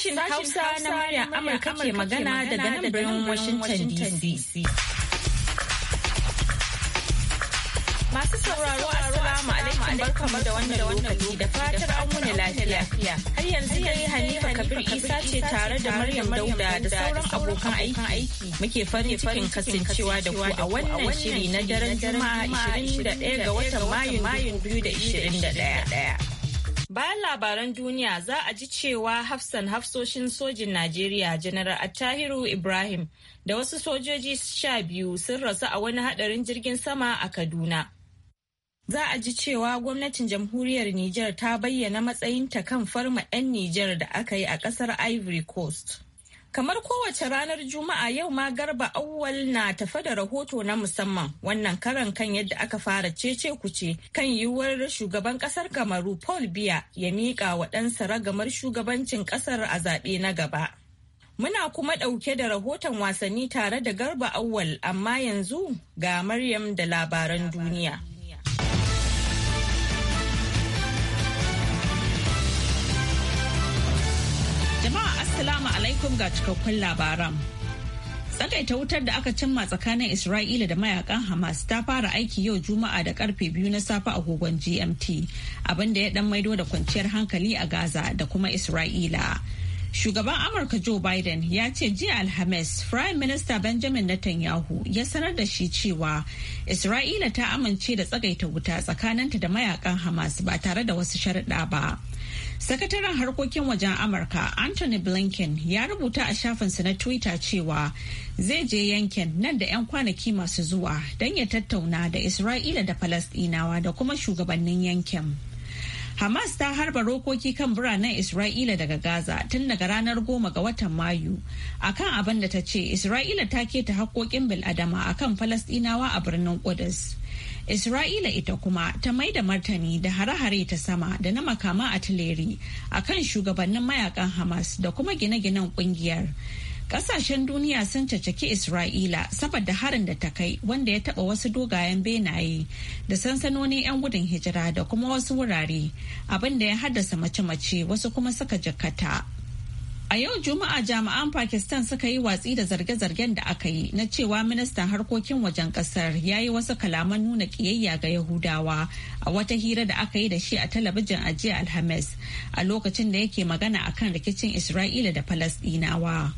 Sashin Hausa na Maryam Amurka ke magana daga nan birnin Washington DC. Masu sauraro Assalamu alaikum barkamu da wannan lokaci da fatar an wuni lafiya. Har yanzu yayi Hanifa Kabir Isa ce tare da Maryam Dauda da sauran abokan aiki muke farin cikin kasancewa da ku a wannan shiri na daren Juma'a 21 ga watan Mayu 2021. Bayan labaran duniya za a ji cewa hafsan hafsoshin sojin Najeriya Janar Attahiru Ibrahim da wasu sojoji sha biyu sun rasu a wani hadarin jirgin sama a Kaduna. Za a ji cewa gwamnatin jamhuriyar Nijar ta bayyana matsayinta kan farma 'yan Nijar da aka yi a ƙasar Ivory Coast. Kamar kowace ranar Juma'a yau ma garba auwal na tafa da rahoto na musamman wannan karan kan yadda aka fara cece kuce kan yiwuwar shugaban kasar Kamaru Paul Biya ya miƙa wa ɗansa ragamar shugabancin kasar a zaɓe na gaba. Muna kuma ɗauke da rahoton wasanni tare da garba auwal amma yanzu ga Maryam da labaran duniya. Assalamu alaikum ga cikakkun labaran. Tsagaita wutar da aka cimma tsakanin Isra'ila da mayakan Hamas ta fara aiki yau Juma'a da karfe biyu na safe gogon GMT, abinda ya dan maido da kwanciyar hankali a Gaza da kuma Isra'ila. Shugaban Amurka Joe Biden ya ce jiya Alhamis, Prime Minister Benjamin Netanyahu ya sanar da shi cewa Isra'ila ta amince da tsagaita wuta tsakaninta da mayakan Hamas ba tare da wasu sharaɗa ba. Sakataren harkokin wajen Amurka Anthony Blinken ya rubuta a shafinsa na Twitter cewa zai je yankin nan da 'yan kwanaki masu zuwa don ya tattauna da Isra'ila da Falasɗinawa da kuma shugabannin yankin. Hamas ta harba rokoki kan biranen Isra'ila daga Gaza tun daga ranar goma ga watan Mayu akan abin da ta ce Isra'ila ta keta haƙoƙin bil'adama a kan Falasɗinawa a birnin Ƙudus. Isra'ila ita kuma ta mai da martani da hare-hare ta sama da na makama a tileri kan shugabannin mayakan Hamas da kuma gine-ginen ƙungiyar. kasashen duniya sun cacaki Isra'ila saboda harin da ta kai wanda ya taba wasu dogayen benaye da sansanonin 'yan gudun hijira da kuma wasu wurare abin da ya haddasa mace-mace wasu kuma suka jakata. A yau Juma'a jami'an Pakistan suka yi watsi da zarge-zargen da aka yi na cewa ministan harkokin wajen kasar ya yi wasu kalaman nuna kiyayya ga Yahudawa a wata hira da aka yi da shi a talabijin a jiya Alhamis a lokacin da yake magana akan rikicin Isra'ila da Falasɗinawa.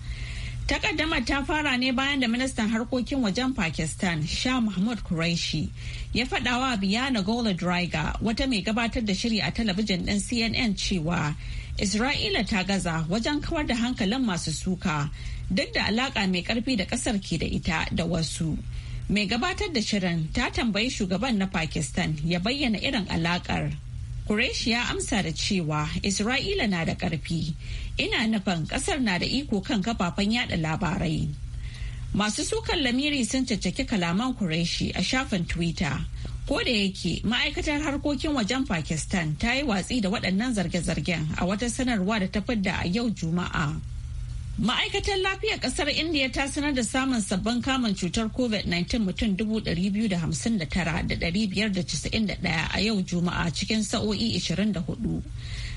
Takaddamar ta fara ne bayan da ministan harkokin wajen Pakistan Shah Mahmud Qureshi ya faɗawa Biyana Gola draiga wata mai gabatar da shiri a talabijin ɗin CNN cewa Isra'ila ta gaza wajen kawar da hankalin masu suka duk da alaƙa mai ƙarfi da ƙasar ke da ita da wasu. Mai gabatar da shirin ta tambayi shugaban na Pakistan ya bayyana irin alaƙar. Kureshi ya amsa da cewa Isra'ila na da ƙarfi, ina nufin ƙasar na da iko kan kafafen yada labarai. Masu sukan lamiri sun caccaki kalaman Kureshi a shafin Twitter. Ko da yake ma'aikatar harkokin wajen Pakistan ta yi watsi da waɗannan zarge-zargen a wata sanarwa da ta fidda a yau Juma'a. Ma'aikatar lafiyar kasar India ta sanar da samun sabbin kamun cutar COVID-19 mutum 259,591 a yau Juma'a cikin sa'o'i 24.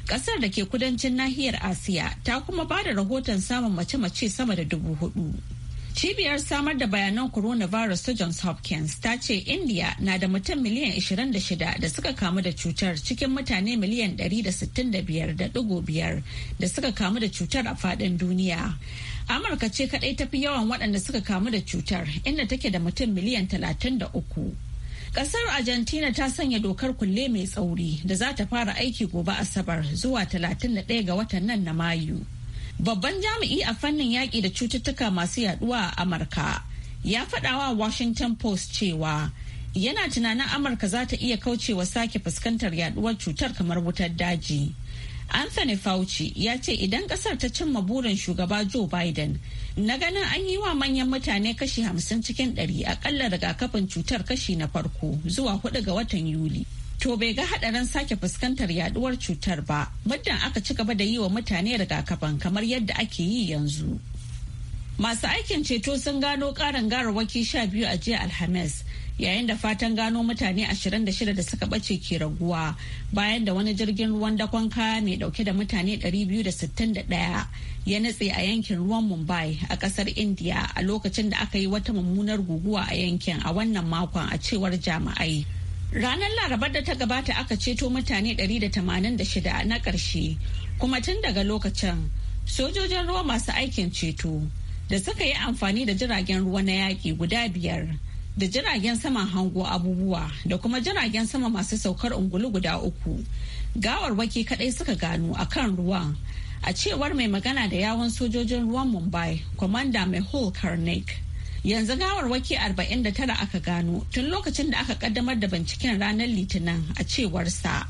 Kasar da ke kudancin nahiyar Asiya ta kuma ba da rahoton samun mace-mace sama da dubu hudu. Cibiyar samar da bayanan coronavirus ta Johns Hopkins ta ce India na da mutum miliyan 26 da suka kamu da cutar cikin mutane miliyan 165.5 da suka kamu da cutar a fadin duniya. Amurka ce kadai ta fi yawan waɗanda suka kamu da cutar inda take da mutum miliyan 33. Kasar Argentina ta sanya dokar kulle mai tsauri da za ta fara aiki gobe Asabar zuwa 31 ga watan nan na Mayu. babban jami'i a fannin yaƙi da cututtuka masu yaduwa a amurka ya faɗawa washington post cewa yana tunanin amurka za ta iya kaucewa sake fuskantar yaduwar cutar kamar wutar daji anthony fauci ya ce idan kasar ta cimma burin shugaba joe biden na ganin an yi wa manyan mutane kashi hamsin cikin ɗari akalla rigakafin cutar kashi na farko zuwa huɗu ga watan yuli to bai ga hadarin sake fuskantar yaduwar cutar ba muddin aka ci gaba da yi wa mutane rigakafin kamar yadda ake yi yanzu masu aikin ceto sun gano karin waki sha biyu a jiya alhamis yayin da fatan gano mutane 26 da suka bace ke raguwa bayan da wani jirgin ruwan dakon kaya mai dauke da mutane 261 ya nutse a yankin ruwan mumbai a kasar indiya a lokacin da aka yi wata mummunar guguwa a yankin a wannan makon a cewar jami'ai Ranar Larabar da ta gabata aka ceto mutane 186 na ƙarshe, kuma tun daga lokacin sojojin ruwa masu aikin ceto da suka yi amfani da jiragen ruwa na yaƙi guda biyar da jiragen sama hango abubuwa da kuma jiragen sama masu saukar ungulu guda uku. Gawar Gawarwaki kaɗai suka gano a kan ruwa A cewar mai magana da yawon sojojin ruwan Mumbai, Kwamanda Mehul Karnik. yanzu gawarwaki 49 aka gano tun lokacin da aka kaddamar da binciken ranar litinin a cewarsa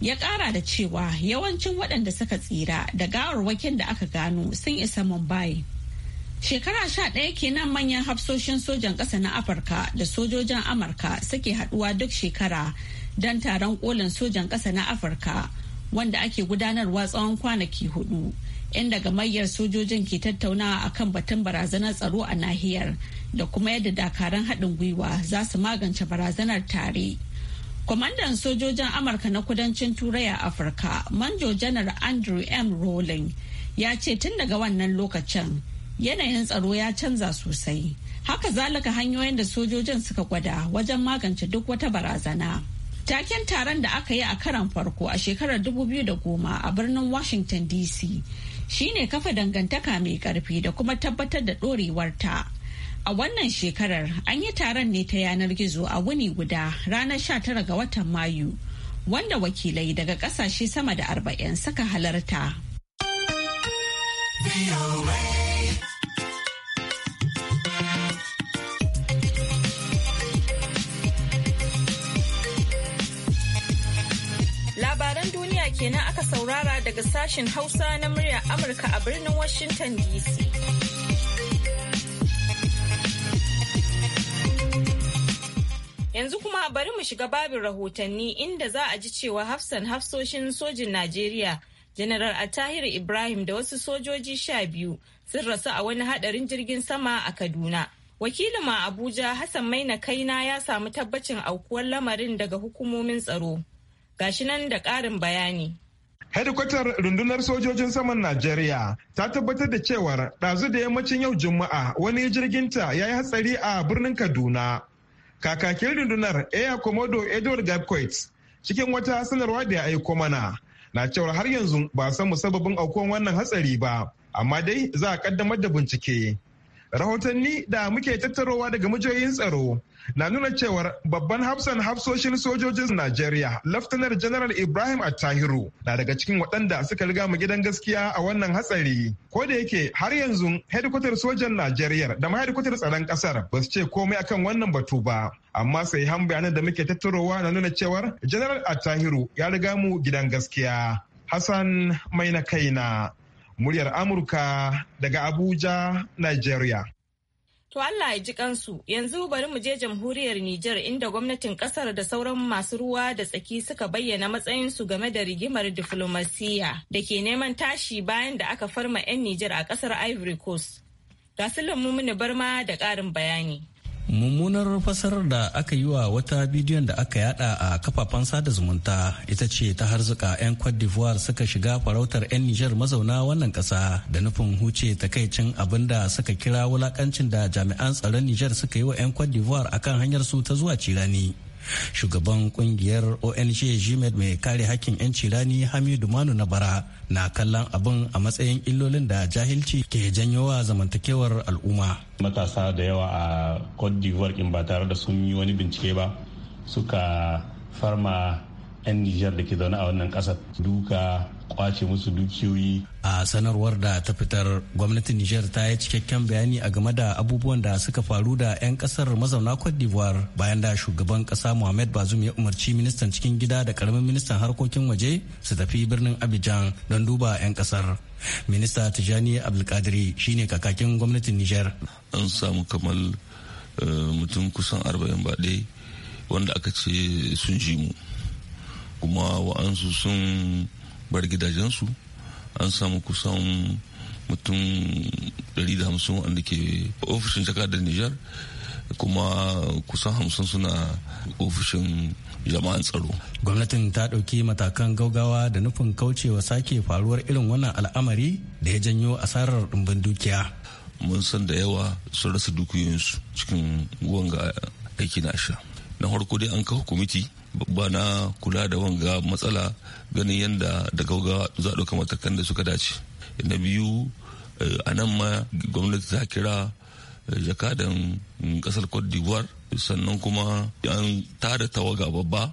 ya kara da cewa yawancin waɗanda suka tsira da gawar gawarwakin da aka gano sun isa mumbai shekara sha ɗaya kenan manyan hafsoshin sojan ƙasa na afirka da sojojin amurka suke haɗuwa duk shekara don taron kolin sojan ƙasa na afirka wanda ake gudanarwa tsawon kwanaki hudu. inda gamayyar sojojin ke tattaunawa kan batun barazanar tsaro a nahiyar da kuma yadda dakaran haɗin gwiwa za su magance barazanar tare. Kwamandan sojojin Amurka na kudancin Turai a Afirka, Manjo Janar Andrew M. Rowling, ya ce tun daga wannan lokacin yanayin tsaro ya canza sosai. Haka zalika hanyoyin da sojojin suka gwada wajen magance duk wata barazana. Taken taron da aka yi a karan farko a shekarar 2010 a birnin Washington DC shine kafa dangantaka mai karfi da kuma tabbatar da ɗorewarta. A wannan shekarar an yi taron ne ta yanar gizo a wuni guda ranar 19 ga watan Mayu, wanda wakilai daga ƙasashe sama da 40 suka halarta. aka saurara daga sashen Hausa na muryar Amurka a birnin Washington DC. Yanzu kuma bari mu shiga babin rahotanni inda za a ji cewa hafsan hafsoshin sojin Najeriya, Janaral Atahir Ibrahim da wasu sojoji sha biyu sun rasu a wani hadarin jirgin sama a Kaduna. Wakilin ma Abuja Hassan Maina Kaina ya samu tabbacin aukuwar lamarin daga hukumomin tsaro. Gashi nan da ƙarin bayani. hedikwatar rundunar sojojin saman najeriya ta tabbatar da cewar ɗazu da yammacin yau juma'a wani jirginta ya yi hatsari a birnin kaduna kakakin rundunar air komodo edward gabquet cikin wata sanarwa da ya aiko mana na cewar har yanzu ba san musababin aukuwan wannan hatsari ba amma dai za a kaddamar da bincike rahotanni da muke tattarowa daga majiyoyin tsaro na nuna cewar babban hafsan hafsoshin sojojin Najeriya, Laftanar General Ibrahim Attahiru na daga cikin waɗanda suka riga mu gidan gaskiya a wannan hatsari. Ko da yake har yanzu hedikwatar sojan Najeriya da ma tsaron ƙasar ba su ce komai akan wannan batu ba. Amma sai han bayanan da muke tattarowa na nuna cewar General Attahiru ya riga mu gidan gaskiya. Hassan Mai na kaina muryar Amurka daga Abuja, Nigeria. To Allah ya ji kansu yanzu bari mu je jamhuriyar Nijar inda gwamnatin kasar da sauran masu ruwa da tsaki suka bayyana matsayinsu game da rigimar diflomasiya da ke neman tashi bayan da aka farma 'yan Nijar a kasar Ivory Coast. Ga Sulaimu Mumuni Barma da ƙarin bayani. mummunar fasarar da aka yi wa wata bidiyon da aka yada a kafafen sada zumunta ita ce ta harzuka 'yan cote d'ivoire suka shiga farautar 'yan nijar mazauna wannan kasa da nufin huce takaicin abin da suka kira wulakancin da jami'an tsaron nijar suka yi wa 'yan cote d'ivoire akan hanyar su ta zuwa cirani shugaban kungiyar ong jimet mai kare hakkin 'yanci rani hamidu manu na bara na kallon abin a matsayin illolin da jahilci ke janyo wa zamantakewar al'umma matasa da yawa a cote d'ivoire in ba tare da sun yi wani bincike ba suka farma 'yan Nijar da ke zaune a wannan ƙasar duka kwace musu dukiyoyi. A sanarwar da ta fitar gwamnatin Nijar ta yi cikakken bayani a game da abubuwan da suka faru da 'yan kasar mazauna Cote d'Ivoire bayan da shugaban kasa Mohamed Bazoum ya umarci ministan cikin gida da karamin ministan harkokin waje su tafi birnin Abidjan don duba 'yan kasar. Minista Tijani Abdulkadiri shine kakakin gwamnatin Nijar. An samu kamar eh, mutum kusan arba'in baɗe wanda aka ce sun ji mu. kuma wa'ansu sun bar gidajensu an samu kusan mutum 150 wanda ke ofishin jakadar nijar kuma kusan hamsin suna ofishin jama'an tsaro. Gwamnatin ta ɗauki matakan gaugawa da nufin kaucewa sake faruwar irin wannan al'amari da ya janyo asarar ɗumbin dukiya. Mun san da yawa sun rasa dukiyoyinsu cikin wanga aiki na sha. Na farko dai an kawo kwamiti Babba na kula da wanga matsala ganin yadda da gaugawa za ɗauka matakan da suka dace na biyu eh, a nan ma gwamnati ta kira eh, jakadan ƙasar cote d'ivoire sannan kuma an tada tawaga babba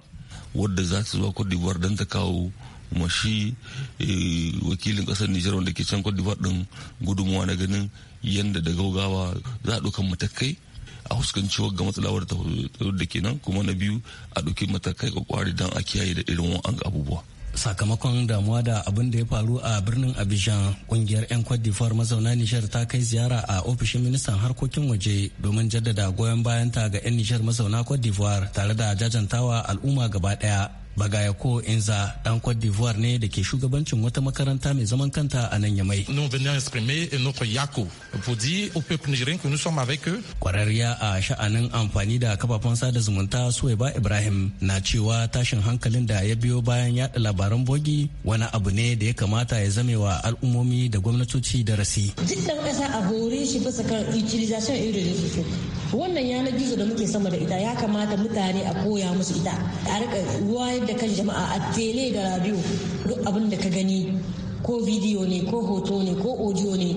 wadda za ta zuwa cote d'ivoire don ta kawo mashi eh, wakilin kasar Nijar wanda ke can Cote d'Ivoire din gudunmuwa na ganin yadda da gaugawa za a matakai a huskanci ga matsalawar ta da ke nan kuma na biyu a ɗauki matakai ga ƙwari don a kiyaye da irin wa'an abubuwa. sakamakon damuwa da abin da ya faru a birnin abidjan kungiyar 'yan d'Ivoire mazauna nishar ta kai ziyara a ofishin ministan harkokin waje domin jaddada goyon bayanta ga 'yan nishar mazauna d'Ivoire tare da jajantawa al'umma gaba daya Bagayako Inza dan Cote d'Ivoire ne da ke shugabancin wata makaranta mai zaman kanta a nan Yamai. Nous venons exprimer notre yako pour au peuple nigérien que nous avec Kwararriya a sha'anin amfani da kafafen sada zumunta Suwaiba Ibrahim na cewa tashin hankalin da ya biyo bayan yada labaran bogi wani abu ne da ya kamata ya zame wa al'ummomi da gwamnatoci da rasi. Duk ɗan a hore shi bisa kan utilization irin da Wannan yanar gizo da muke sama da ita ya kamata mutane a koya musu ita. A rika da kan jama'a a tele da radio duk abin da ka gani ko bidiyo ne ko hoto ne ko audio ne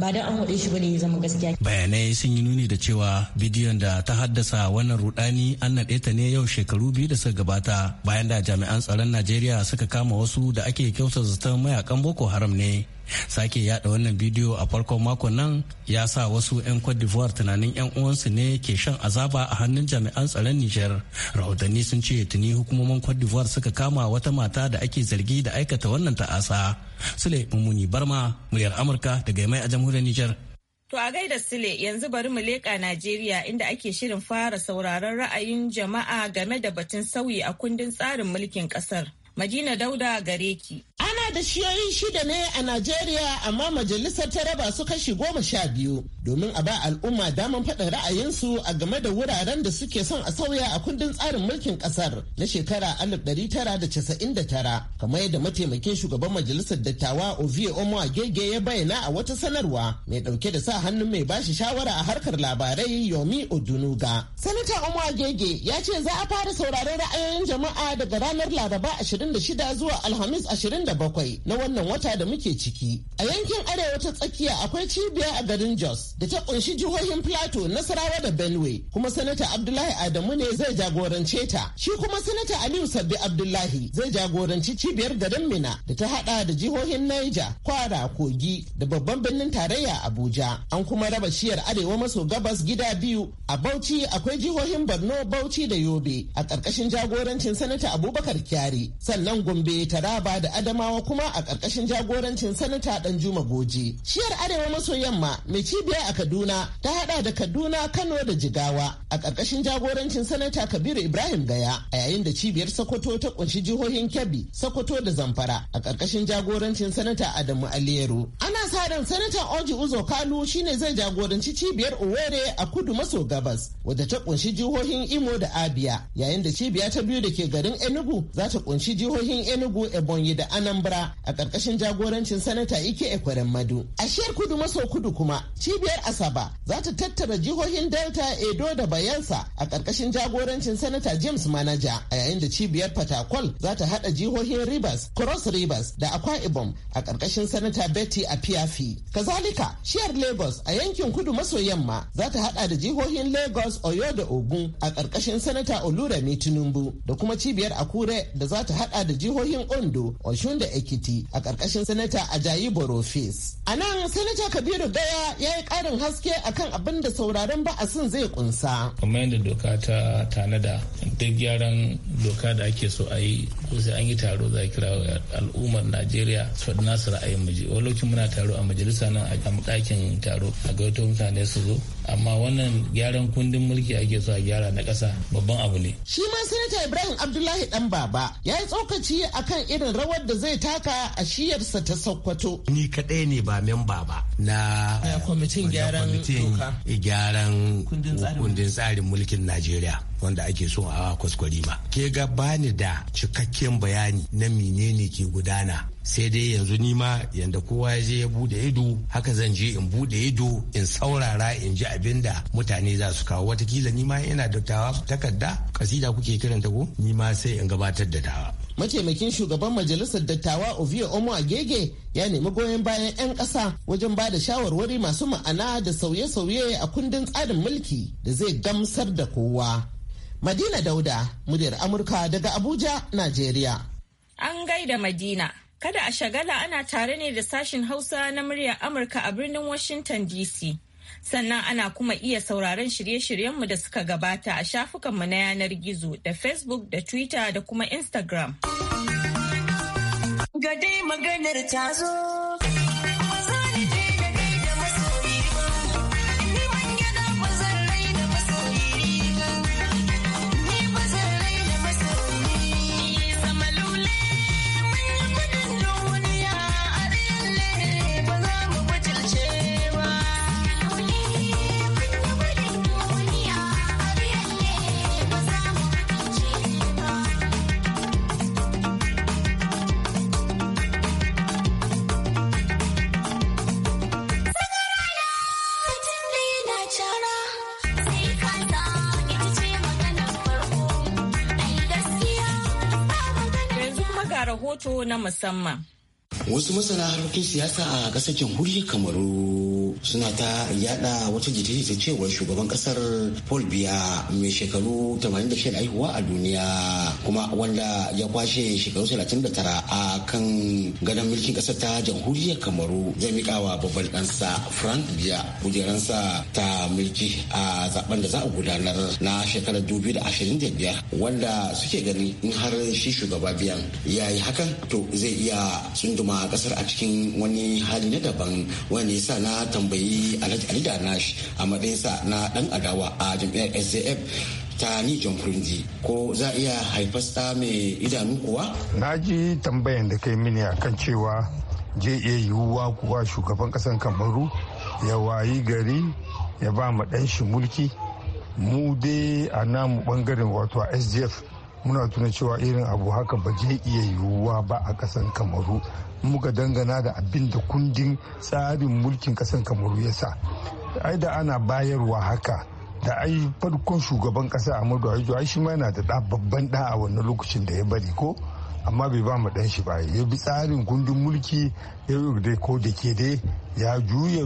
ba dan an haɗe shi bane ya zama gaskiya. Bayanai sun yi nuni da cewa bidiyon da ta haddasa wannan rudani an naɗe ta ne yau shekaru biyu da suka gabata bayan da jami'an tsaron Najeriya suka kama wasu da ake kyautar zaton mayakan Boko Haram ne sake yada wannan bidiyo a farkon makon nan ya sa wasu 'yan cote d'ivoire tunanin 'yan uwansu ne ke shan azaba a hannun jami'an tsaron nijar rahotanni sun ce tuni hukumomin cote d'ivoire suka kama wata mata da ake zargi da aikata wannan ta'asa sule mummuni barma muryar amurka daga mai a jamhuriyar nijar To a gaida Sule yanzu bari mu leƙa Najeriya inda ake shirin fara sauraron ra'ayin jama'a game da batun sauyi a kundin tsarin mulkin ƙasar. Madina Dauda gare ki. Ana da shiyoyi shida ne a Najeriya amma majalisar ta raba su kashi goma sha biyu domin a ba al'umma daman faɗin ra'ayinsu a game da wuraren da suke son a sauya a kundin tsarin mulkin ƙasar na shekara 1999 kamar yadda mataimakin shugaban majalisar dattawa Ovie Omo Agege ya bayyana a wata sanarwa mai ɗauke da sa hannun mai bashi shawara a harkar labarai Yomi Odunuga. Sanata Omo Agege ya ce za a fara sauraron ra'ayoyin jama'a daga ranar Laraba 26 zuwa Alhamis 27 bakwai na wannan wata da muke ciki. A yankin arewa ta tsakiya akwai cibiya a garin Jos da ta kunshi jihohin Plateau, Nasarawa da Benue, kuma Sanata Abdullahi Adamu ne zai jagorance ta. Shi kuma Sanata Aliyu Sabbi Abdullahi zai jagoranci cibiyar garin Mina da ta hada da jihohin Niger, Kwara, Kogi da babban birnin tarayya Abuja. An kuma raba shiyar arewa maso gabas gida biyu a Bauchi akwai jihohin Borno, Bauchi da Yobe a ƙarƙashin jagorancin Sanata Abubakar Kyari. Sannan Gombe, Taraba da Adamawa kuma a ƙarƙashin jagorancin sanata Danjuma Goje. ciyar Arewa maso yamma mai cibiya a Kaduna ta haɗa da Kaduna, Kano da Jigawa a ƙarƙashin jagorancin sanata Kabiru Ibrahim Gaya a yayin da cibiyar Sokoto ta ƙunshi jihohin Kebbi, Sokoto da Zamfara a ƙarƙashin jagorancin sanata Adamu Aliyeru. Ana sa ran sanata Oji Uzo Kalu shine zai jagoranci cibiyar uwere a kudu maso gabas wadda ta ƙunshi jihohin Imo da Abia yayin da cibiya ta biyu da ke garin Enugu za ta ƙunshi jihohin Enugu, Ebonyi da Anambra Zamfara a ƙarƙashin jagorancin Sanata Ike Ekweren Madu. A shiyar kudu maso kudu kuma cibiyar Asaba za ta tattara jihohin Delta Edo da Bayelsa a ƙarƙashin jagorancin Sanata James Manaja a yayin da cibiyar Fatakwal za ta haɗa jihohin Rivers, Cross Rivers da Akwa Ibom a ƙarƙashin Sanata Betty Apiafi. Kazalika shiyar Lagos a yankin kudu maso yamma za ta haɗa da jihohin Lagos, Oyo da Ogun a ƙarƙashin Sanata Olure Tinubu da kuma cibiyar Akure da za ta haɗa da jihohin Ondo, Oshun da Eke Ekiti a karkashin Sanata Ajayi Borofis. A nan Sanata Kabiru Gaya ya yi karin haske akan abin da sauraron ba'asin zai kunsa. kuma yadda doka ta tanada duk gyaran doka da ake so a yi ko sai an yi taro za a kira al'ummar Najeriya su faɗi nasu ra'ayin miji. Wani lokacin muna taro a majalisa nan a ɗakin taro a gaito mutane su zo amma wannan gyaran kundin mulki ake so a gyara na ƙasa babban abu ne. Shi ma Sanata Ibrahim Abdullahi ɗan baba ya yi tsokaci akan irin rawar da zai ta haka a shiyarsa ta Sokoto. Ni kaɗai ne ba memba ba na kwamitin gyaran kundin tsarin mulkin Najeriya. wanda ake so a kwaskwari ma Ke ga bani da cikakken bayani na menene ke gudana sai dai yanzu nima yanda kowa ya je ya bude ido haka zan je in bude ido in saurara in ji abin da mutane za su kawo watakila nima yana da tawa takarda kasida kuke kiranta ko nima sai in gabatar da tawa mataimakin shugaban majalisar dattawa ovio omo gege ya nemi goyon bayan 'yan ƙasa wajen ba da shawarwari masu ma'ana da sauye-sauye a kundin tsarin mulki da zai gamsar da kowa madina dauda muryar amurka daga abuja najeriya an gaida madina Kada a shagala ana tare ne da sashin Hausa na muryar Amurka a birnin Washington DC. Sannan ana kuma iya sauraron shirye-shiryenmu da suka gabata a shafukanmu na yanar gizo da Facebook da Twitter da kuma Instagram. Gade maganar tazo. rahoto na musamman. Wasu masana harkokin siyasa a ƙasar jamhuriyar Kamaru suna ta yada wata jita-jita cewar shugaban kasar Paul Biya mai shekaru 86 haihuwa a duniya kuma wanda ya kwashe shekaru 39 a kan gadon mulkin kasar ta jamhuriyar Kamaru zai mikawa babban ɗansa Frank Biya kujeransa ta mulki a zaben da za a gudanar na shekarar 2025 wanda suke gani in har shi shugaba biyan ya yi hakan to zai iya tsunduma kasar a cikin wani hali na daban wanda ya sa na tambayi alhaji ali nash a matsayinsa na dan adawa a jam'iyyar saf ta ni jamhuriyar ko za iya haifar mai idanu kuwa na ji tambayan da kai mini akan cewa je iya yiwuwa kuwa shugaban kasan kamaru ya wayi gari ya ba mu dan shi mulki mu dai a namu bangaren wato sdf muna tuna cewa irin abu haka ba zai iya yiwuwa ba a kasan kamaru muka dangana da abin da kundin tsarin mulkin kasan kamaru ya sa ai da ana bayarwa haka da ai farkon shugaban kasa amadu ajo ai shi ma yana da da babban da a wannan lokacin da ya bari ko amma bai ba mu dan shi ba ya bi tsarin kundin mulki ya da ko da ke dai ya juya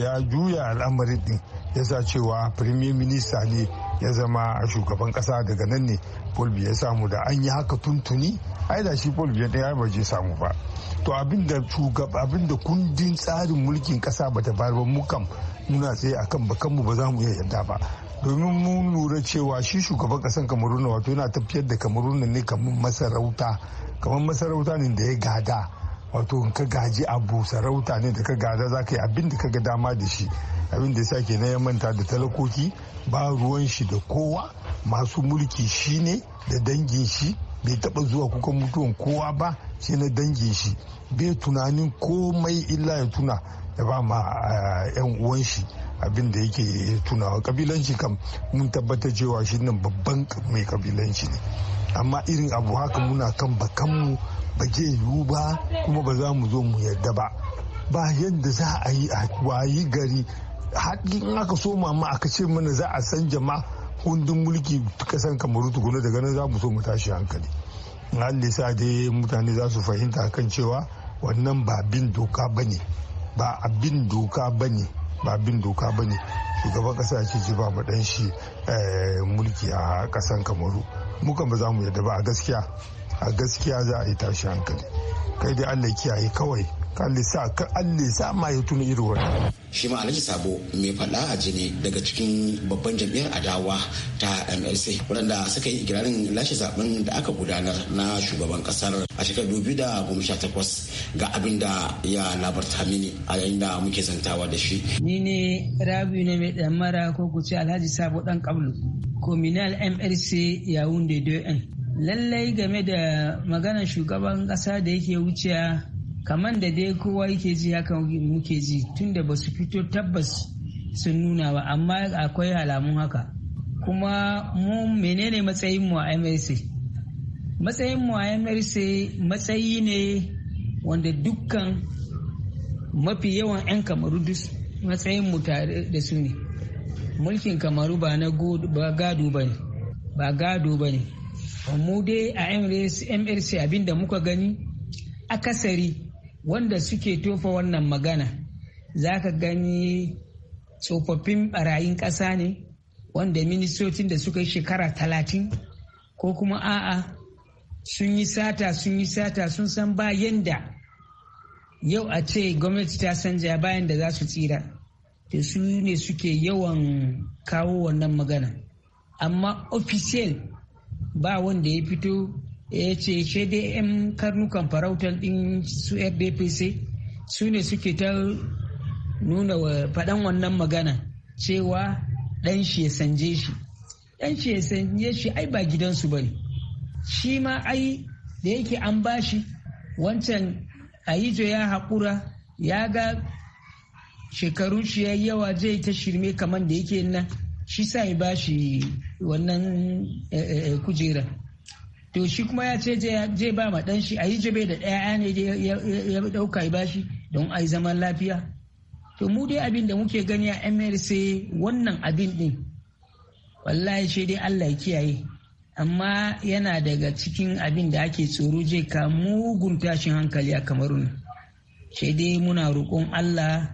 ya juya al'amarin din ya sa cewa premier minista ne ya zama a shugaban kasa daga nan ne polbi ya samu da an yi haka tuntuni ai da shi polbi ya ɗaya ba je samu ba to abinda shugab da kundin tsarin mulkin kasa bata bayar ba mu kam muna tsaye akan bakanmu ba za mu iya yarda ba domin mun lura cewa shi shugaban kasan kamaruna wato yana tafiyar da kamaruna ne kamar masarauta kamar masarauta ne da ya gada wato in ka gaji abu sarauta ne da ka gada za ka yi abin da ka ga dama da shi abin da ya sake na ya manta da talakoki ba ruwan shi da kowa masu mulki shi ne da dangin shi bai taba zuwa kuka mutuwan kowa ba sai na dangin shi bai tunanin komai illa ya tuna ya ba ma eh, yan uwan shi abin da yake tunawa kabilanci kam mun tabbatar cewa shi nan babban mai kabilanci ne amma irin abu haka muna kan bakanmu ba je yiwu ba kuma ba za mu zo mu yarda ba ba yadda za a yi a wayi gari in aka so mama aka ce mana za a san jama kundin mulki kasan kamaru tukuna daga nan za mu so mu tashi hankali an sa dai mutane za su fahimta kan cewa wannan ba bin doka ba ne ba abin doka ba ne ba bin doka ba ne shugaban kasa ce ji ba dan shi eh, mulki a kasan kamaru muka ba za mu yadda ba a gaskiya a gaskiya za a yi tashi hankali kai dai allah kiyaye kawai Ka lisa ka lisa ma ya tuni iri wani. shi ma alhaji sabo mai faɗa a jini daga cikin babban jam'iyyar adawa ta mlc waɗanda suka yi ikirarin lashe zaben da aka gudanar na shugaban kasar a shekarar dubi da goma sha takwas ga abin da ya labarta mini a yayin da muke zantawa da shi. ni ne rabi ne mai mara ko ku ce alhaji sabo ɗan kablu kominal mlc yawun da lallai game da maganar shugaban ƙasa da yake wuciya kamar da dai kowa yake ji haka muke ji tunda ba su fito tabbas sun nuna ba amma akwai alamun haka kuma mu menene matsayin mu a mrc matsayin mu a mrc matsayi ne wanda dukkan mafi yawan 'yan kamaru duk matsayin mu tare da su ne mulkin kamaru ba na gado ba ne ba gado ba ne mu dai a mrc abinda muka gani akasari wanda suke tofa wannan magana za ka gani tsofaffin barayin ƙasa ne wanda ministocin da suka yi shekara talatin ko kuma a'a sun yi sata sun yi sata sun san ba yanda yau a ce gwamnati ta san ja bayan da za su tsira da su ne suke yawan kawo wannan magana amma official ba wanda ya fito ya ce shi 'yan karnukan farautar din su fdpc su ne suke ta nuna faɗan wannan magana cewa ɗan shi ya sanje shi ɗan shi ya sanje shi ai ba gidansu ba ne shi ma ai da yake an ba shi wancan ayijo ya haƙura ya ga shekaru shi ya yawa zai ta shirme kamar da yake nan shi sa ya bashi wannan eh, eh, eh, kujera to shi kuma ya ce je ba ma dan shi a yi jabe da ɗaya ne ya ɗauka ya bashi don a yi zaman lafiya to mu dai abin da muke gani a mrc wannan abin ɗin wallahi shi dai allah ya kiyaye amma yana daga cikin abin da ake tsoro je ka mugun tashin hankali a kamarun shi dai muna roƙon allah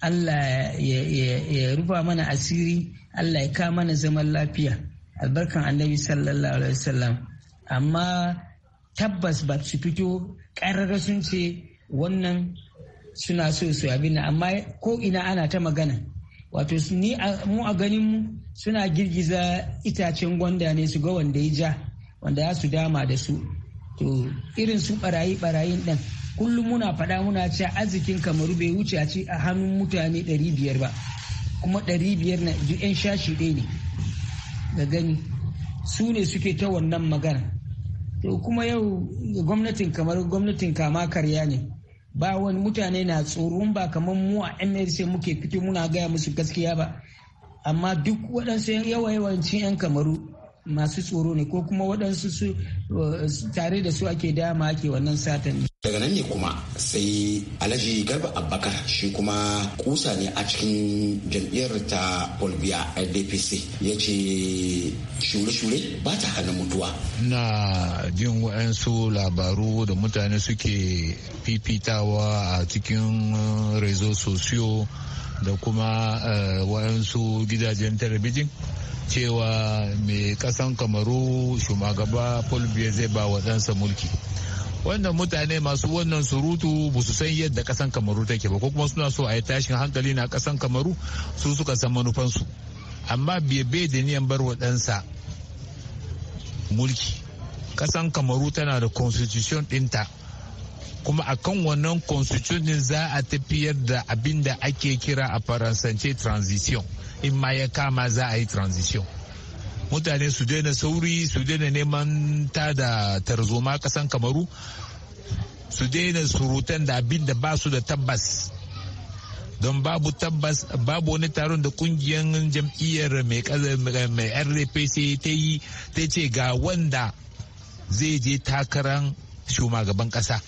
allah ya rufa mana asiri allah ya ka mana zaman lafiya albarkan annabi sallallahu alaihi wasallam amma tabbas ba su fito ƙararra sun ce wannan suna so su abin amma ko ina ana ta magana wato ni mu a ganin mu suna girgiza itacen gwanda ne su ga wanda ya ja wanda ya su dama da su to irin su barayi barayin ɗan kullum muna faɗa muna ce arzikin kamaru bai wuce a ce a hannun mutane 500 ba kuma 500 na yan shashi ɗaya ne ga gani su ne suke ta wannan magana to kuma yau gwamnatin kamar gwamnatin kama karya ne ba wani mutane na tsoron ba kamar mu a mrc muke fito muna gaya musu gaskiya ba amma duk waɗansu yawancin 'yan kamaru masu tsoro ne ko kuma waɗansu su eh, tare da su ake dama ake wannan satan ne daga nan ne kuma sai alhaji garba abubakar shi kuma kusa ne a cikin jam'iyyar ta bolivia ldpc ya ce shure-shure ba ta hana mutuwa na jin waɗansu labaru da mutane suke fifitawa a cikin eh, rezo sosiyo da kuma eh, waɗansu gidajen talabijin cewa mai ƙasan kamaru shugaba paul zai ba wa ɗansa mulki wannan mutane masu wannan surutu ba su san yadda kasan kamaru take ba ko kuma suna so a yi tashin hankali na kasan kamaru su suka san manufansu amma bai da niyan bar wa ɗansa mulki kasan kamaru tana da constitution ɗinta kuma a kan wannan constitution din za a tafiyar da abinda da ake kira a faransance transition in ma ya kama za a yi transition mutane su daina sauri su daina neman ta da tarzoma kasan kamaru su daina surutan da abin da ba su da tabbas don babu tabbas babu wani taron da kungiyar jam'iyyar mai rfc ta yi ta ce ga wanda zai je takarar shugaban kasa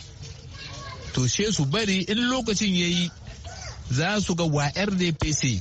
to she su bari in lokacin ya yi za su ga wa rfc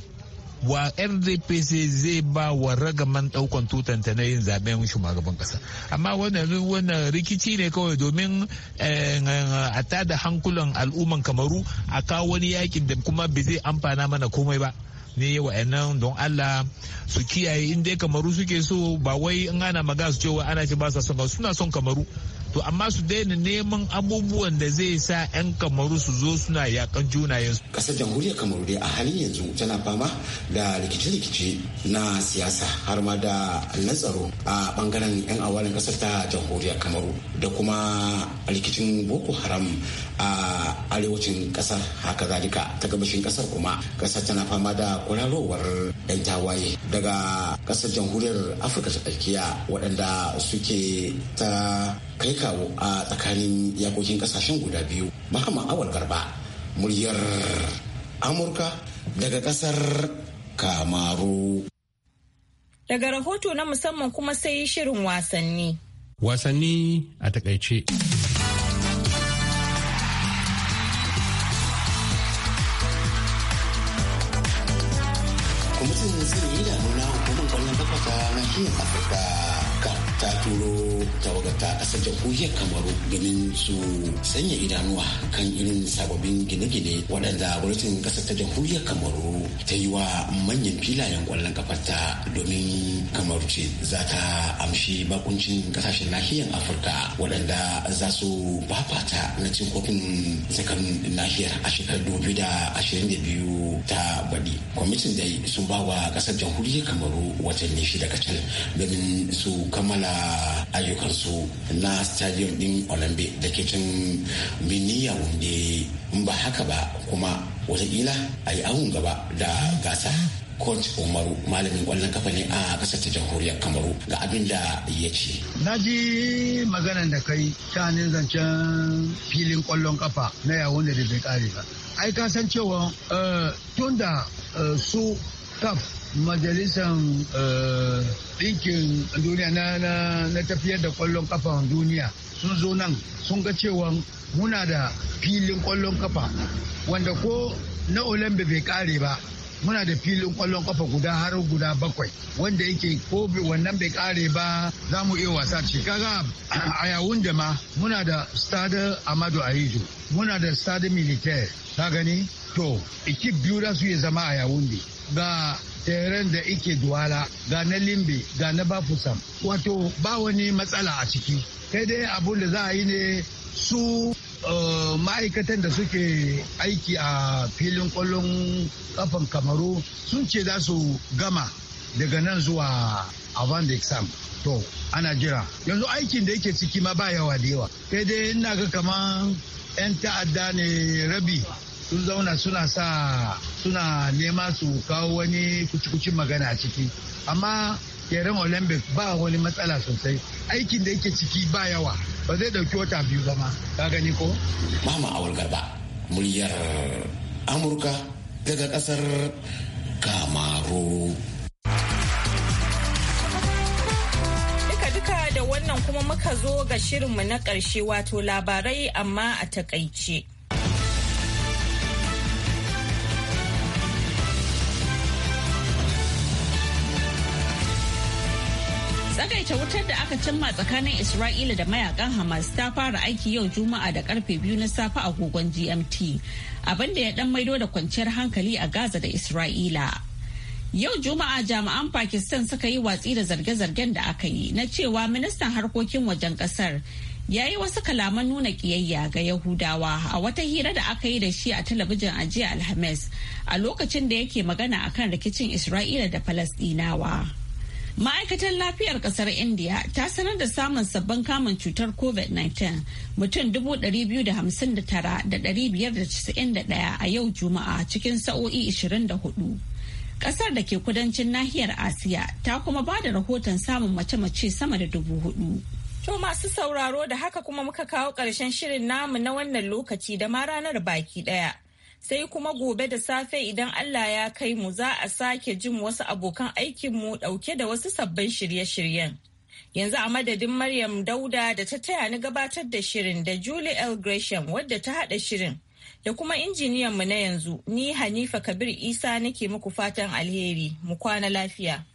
wa rdpc zai ba wa ragaman daukan tutanta na yin zaben shugaban kasa amma wannan rikici ne kawai domin eh, a tada hankulan al'umman kamaru a kawo wani yakin da kuma bai zai amfana mana komai ba ne nan don Allah su kiyaye in kamaru suke so ba wai in ana magana su cewa ana ce ba sa son suna son kamaru to amma su daina neman abubuwan da zai sa 'yan kamaru su zo suna yakan junayensu. kasar jamhuriyar kamaru dai a halin yanzu tana fama da rikice-rikice na siyasa har ma da nazaro a bangaren 'yan awalin kasar ta jamhuriyar kamaru da kuma rikicin boko haram a arewacin kasar haka zalika ta gabashin kasar kuma kasar tana fama da kwararowar 'yan tawaye daga kasar jamhuriyar afirka ta tsakiya waɗanda suke ta kai kawo a tsakanin yakokin kasashen guda biyu mahama awal garba muryar amurka daga kasar kamaru daga rahoto na musamman kuma sai shirin wasanni wasanni a takaice kwamitin zai yi damu na hukumar kwallon kafa ta nahiyar afirka ta turo tawagata ta ƙasar jamhuriyar kamaru domin su sanya idanuwa kan irin sababbin gine-gine waɗanda gwamnatin ƙasar ta jamhuriyar kamaru ta yi wa manyan filayen ƙwallon ta, domin kamaru ce za ta amshi bakuncin ƙasashen nahiyar afirka waɗanda za su fafata na cin kofin tsakanin nahiyar a shekarar 2022 ta baɗi kwamitin dai sun ba wa ƙasar jamhuriyar kamaru watanni shida kacal domin su kammala ayyuka kansu na stadium din olambe da ke can miniya wunde ba haka ba kuma wataƙila a yi ahun gaba da gasa coach umaru malamin kwallon kafa ne a kasar ta jamhuriyar kamaru ga abin da ya ce na ji maganan da kai shanin zancen filin kwallon kafa na yawon da bai kare ba ai ka san cewa eh, tun da eh, su kaf majalisan eh, ɗinkin duniya na tafiyar da kwallon kafa duniya sun zo nan sun ga cewa muna da filin kwallon kafa wanda ko na olambe bai kare ba muna da filin kwallon kafa guda har guda bakwai wanda yake ko wannan bai kare ba za mu iya wasa ci kaga a yawun da ma muna da stade amadu ahijo muna da stade militaire ta gani to ekip biyu da su zama a yawun ga teren da ike duwala ga na limbe ga na bafusam wato ba wani matsala a ciki kai dai abun da za a yi ne su Eh, ma'aikatan da suke aiki a filin kwallon kafan kamaru sun ce za su gama daga nan zuwa avant the exam to ana jira yanzu aikin da yake ciki ma ba yawa da yawa sai dai ina ga kaman 'yan ta'adda ne rabi sun zauna suna sa suna nema su kawo wani kucikucin magana a ciki amma yaren olympic ba wani matsala sosai aikin da yake ciki ba yawa ba zai dauki wata biyu ba ka gani ko mama awal garba muryar amurka daga kasar kamaru duka da wannan kuma muka zo ga shirinmu na ƙarshe wato labarai amma a takaice. Tsagaita wutar da aka cimma tsakanin Isra'ila da mayakan Hamas ta fara aiki yau Juma'a da karfe biyu na safe agogon GMT, abin da ya dan maido da kwanciyar hankali a Gaza da Isra'ila. Yau Juma'a jami'an Pakistan suka yi watsi da zarge-zargen da aka yi na cewa ministan harkokin wajen kasar ya yi wasu kalaman nuna kiyayya ga Yahudawa a wata hira da aka yi da shi a talabijin a jiya Alhamis a lokacin da yake magana akan rikicin Isra'ila da Falasɗinawa. ma'aikatar lafiyar kasar india ta sanar da samun sabbin kamun cutar covid-19 mutum 259,591 a yau juma'a cikin sa'o'i 24 kasar da ke kudancin nahiyar asiya ta kuma ba da rahoton samun mace-mace sama da dubu hudu. To masu sauraro da haka kuma muka kawo ƙarshen shirin namu na wannan lokaci da ma ranar baki ɗaya. sai kuma gobe da safe idan Allah ya kai mu za a sake jin wasu abokan aikinmu ɗauke da wasu sabbin shirye-shiryen. Yanzu a madadin Maryam Dauda da ta taya ni gabatar da shirin da Julie L. Gresham wadda ta haɗa shirin da kuma injiniyanmu na yanzu ni Hanifa Kabir Isa nake muku fatan alheri mu kwana lafiya.